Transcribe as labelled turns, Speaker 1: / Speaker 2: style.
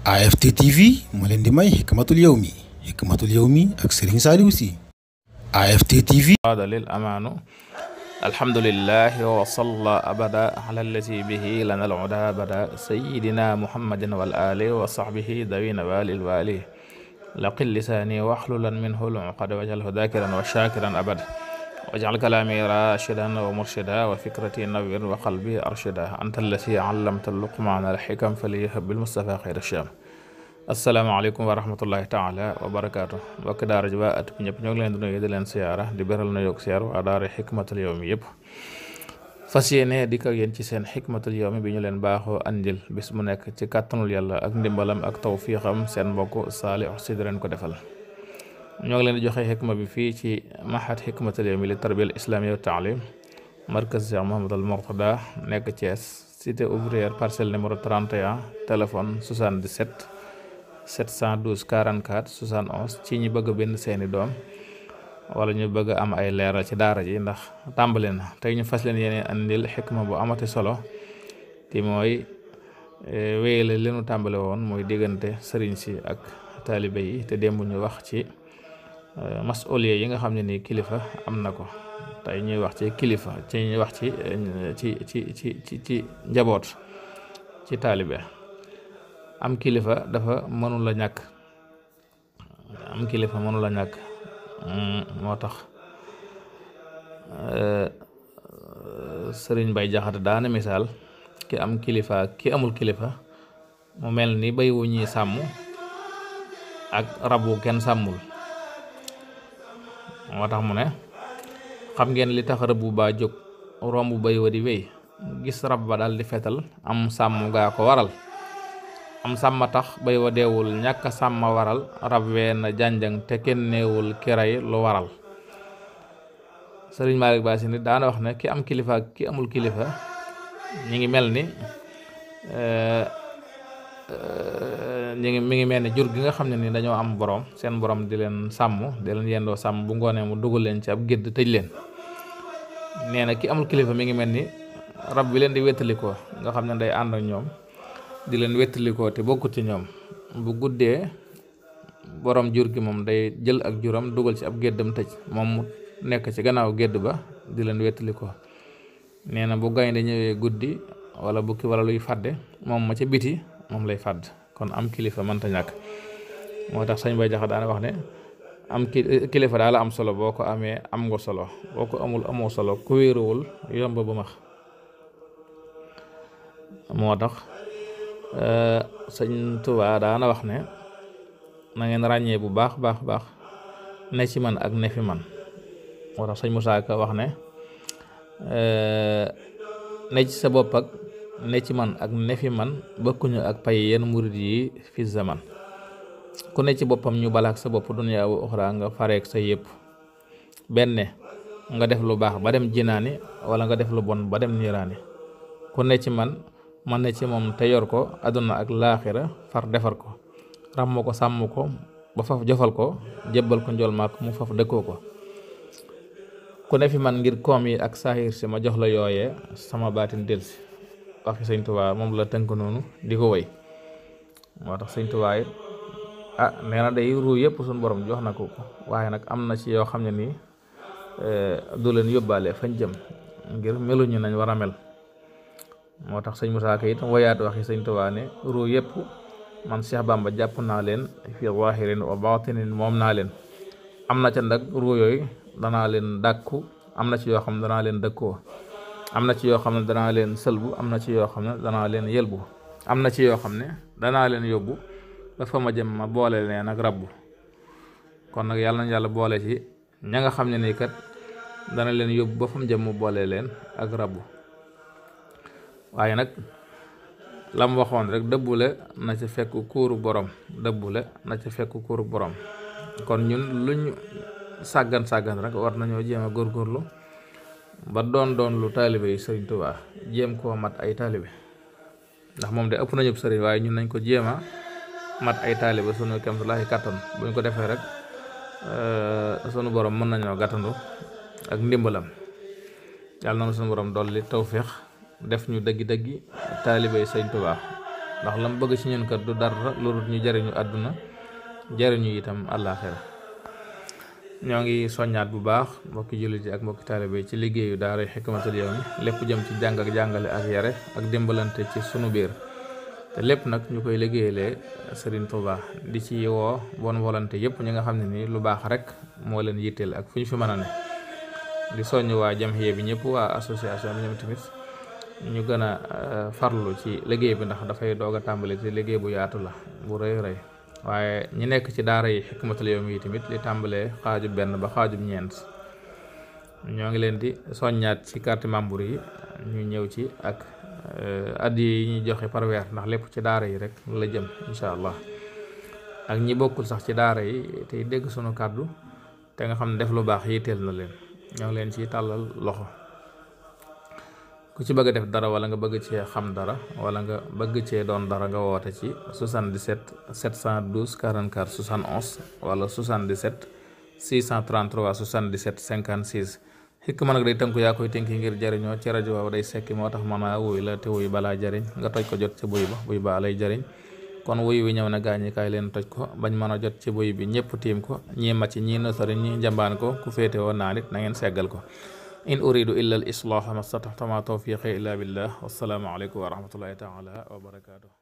Speaker 1: AFT TV moo leen di may Hikmatul Yawmi Hikmatul Yawmi ak Serigne Saliou Sy AFT TV qaada lil amaanu alhamdulillahi wa salla abada ala allazi bihi lana al uda abada sayyidina muhammadin wal ali wa sahbihi dawina walil wali laqil lisaani waxlulan minhu al uqada wajal hudakiran wa shakiran abada wajal kalaami rashidan wa murshida wa fikrati nawir wa qalbi arshida anta allati allamta luqmaan alxikam faliyahab bilmustafa xayra sham asalaamaaleykum wa rahmatullahi taala wa barakaatu mbokki daara ji at ñëpp ñoo ngi leen di nuyu di leen siyaara di beral na yokk siyaar waa daara xikmatul yawmi yëpp fas yéene dikk ak yéen ci seen xikmatul yawmi bi ñu leen baaxoo andil bis mu nekk ci kàttanul yàlla ak ndimbalam ak tawfiixam seen mbokk Saliou Sy di leen ko defal ñoo ngi leen di joxe xikma bi fii ci mahad xikmatul yawmi li tarbiyatul islamiyya wa taalim markaz Cheikh Mouhamed Al Mourtada nekk Thiès te ouvrière parcelle numéro 31 téléphone 77 712 44 71 ci ñi bëgg benn seeni doom wala ñu bëgg am ay leeral ci daara ji ndax tàmbali na tey ñu fas leen yeneen andil xikma bu amati solo ti mooy e, wéyale li nu tàmbale woon mooy diggante sëriñ si ak taalibe yi te démb ñu wa ci Euh, masuliya yi nga xam ne nii kilifa am na ko tey ñuy wax ci kilifa ci ñuy wax ci ci ci ci ci ci njaboot ci taalibe am kilifa dafa mënul la ñàkk am kilifa mënul la ñàkk mm, moo tax sëriñ Bay Jaxate daana misaal ki am kilifa ki amul kilifa mu mel ni bay wu ñuy sàmm ak rabu kenn sàmmul moo tax mu ne xam ngeen li tax rëbb ba jóg romb bay wa di wéy gis rab ba daal di fetal am sàmm gaa ko waral am sàmm tax bay wa deewul ñàkk a sàmm waral rab wee na jànjang te kenn neewul kiray lu waral sëriñ Malick Ba si ni daana wax ne ki am kilifa ki amul kilifa ñi ngi mel ni eh, eh, ñu ngi mi ngi mel ni jur gi nga xam ne ni dañoo am borom seen borom di leen sàmm di leen yendoo sàmm bu ngoonee mu dugal leen ci ab gédd tëj leen nee na ki amul kilifa mi ngi mel ni rab bi leen di wettalikoo nga xam ne day ànd ak ñoom di leen wettalikoo te bokkut ci ñoom bu guddee borom jur gi moom day jël ak juróom dugal ci ab géddam tëj moom mu nekk ci gannaaw gédd ba di leen wettalikoo nee na bu gaynde ñëwee guddi wala bukki wala luy fàdde moom ma moom lay fàdd kon am kilifa mënta ñàkk moo tax sañ bay jaxa daana wax ne am kilifa daal am solo boo ko amee am nga solo boo ko amul amoo solo ku wéeruwul yomb bu max moo tax euh, sëñ Tuubaa daana wax ne nangeen ngeen ràññee bu baax baax baax ne ci man ak ne man moo tax sëñ Musaa wax ne euh, ne sa bopp ne ci man ak ne fi man bokkuñu ak pay yenn murid yi fi zaman ku ne ci boppam ñu balaak sa bopp dunyaa wu uxra nga fareek sa yëpp benn nga def lu baax ba dem jinaani wala nga def lu bon ba dem niiraani ku ne ci man man ne ci moom te yor ko àdduna ak laaxira far defar ko ràmm ko sàmm ko ba faf jofal ko jébbal ko njool maak mu faf dëkkoo ko ku ne fi man ngir koom yi ak saaxiir si ma jox la yooyee sama baatin delsi waxi sëñ Tuubaa moom la tënk noonu di ko woy moo tax sëñ Tuubaa it ah nee na day ruu yëpp suñu borom jox na ko waaye nag am na ci yoo xam ne nii eh, du leen yóbbaale fañ jëm ngir meluñu nañ war a mel moo tax sëñ Musaa Ka it woyaat waxi sëñ Tuubaa ne ruu yëpp man Cheikh Bamba jàpp naa leen fi waahirin wa baatinin moom naa leen am na ca nag ruu yooyu danaa leen dàkku am na ci yoo xam danaa leen dëkkoo am na ci yoo xam ne danaa leen sëlbu am na ci yoo xam ne danaa leen yëlbu am na ci yoo xam ne danaa leen yóbbu ba ma jëm ma boole leen ak rabbu kon nag yàlla nañ yàlla boole ci ña xam ne nii kat dana leen yóbbu ba fa mu jëm mu boole leen ak rabbu waaye nag lam waxoon rek dëbbule na ci fekk kuuru borom dëbbule na ci fekk kuuru boroom kon ñun luñ sàggan sàggan rek war nañoo jéem a góorlu ba doon doon lu taalibe yi sëriñ Tuubaa jéem koo mat ay taalibe ndax moom de ëpp nañu sëriñ waaye ñun nañ ko jéema mat ay taalibe sunu kem laahi kàttan buñ ko defee rek euh, sunu borom mën nañoo gàttandu ak ndimbalam yàlla na sunu borom dolli tawféex def ñu dëggi dëggi taalibe yi sëriñ Tuubaa ndax lam bëgg ci ñun kat du dara lu ñu jariñu àdduna jariñu itam àllaaxira ñoo ngi soññaat bu baax mbokki jullit yi ak mbokki taalibe ci liggéeyu daara Hikmatul yoon lépp jëm ci jàng ak jàngale ak yare ak dimbalante ci sunu biir te lépp nag ñu koy liggéeyalee Serigne Touba di ci woo bon volonté yëpp ñi nga xam ne nii lu baax rek moo leen yitteel ak fu ñu fi mën a ne di soññ waa jamhiya bi ñëpp waa association bi ñoom tamit ñu gën a euh, farlu ci liggéey bi ndax dafay doog a tàmbali ci liggéey bu yaatu la bu rëy rey waaye ñi nekk ci daara yi xikmatul yawmi yi tamit li tàmbalee xaajub benn ba xaajub ñeent ñoo ngi leen di soññaat ci carte membre yi ñu ñëw ci ak eh, addiya yi ñuy joxe parweer ndax lépp ci daara yi rek la jëm incha allah ak ñi bokkul sax ci daara yi tey dégg sunu kàddu te nga xam ne def lu baax yitteel na leen ñoo ngi leen ci tàllal loxo ku ci bëgg a def dara wala nga bëgg cee xam dara wala nga bëgg cee doon dara nga woote ci 77 712 44 71 wala 77 633 77 56 xikma nag day tënk yaa koy tënki ngir jariñoo ci rajo waaw day sekki moo tax mën a wuy la te wuy balaa jariñ nga toj ko jot ci buy ba buy ba lay jariñ kon wuy wi ñëw na gaañukaay leen toj ko bañ mën a jot ci buy bi ñëpp tiim ko ñii màcc ñii nosari ñii njambaan ko ku féete woon naa nit na ngeen seggal ko in uridu illa al islaah ma stataxtama tawfiqi illa billah wassalaamu aleykum wa rahmatullahi taala wa barakatuh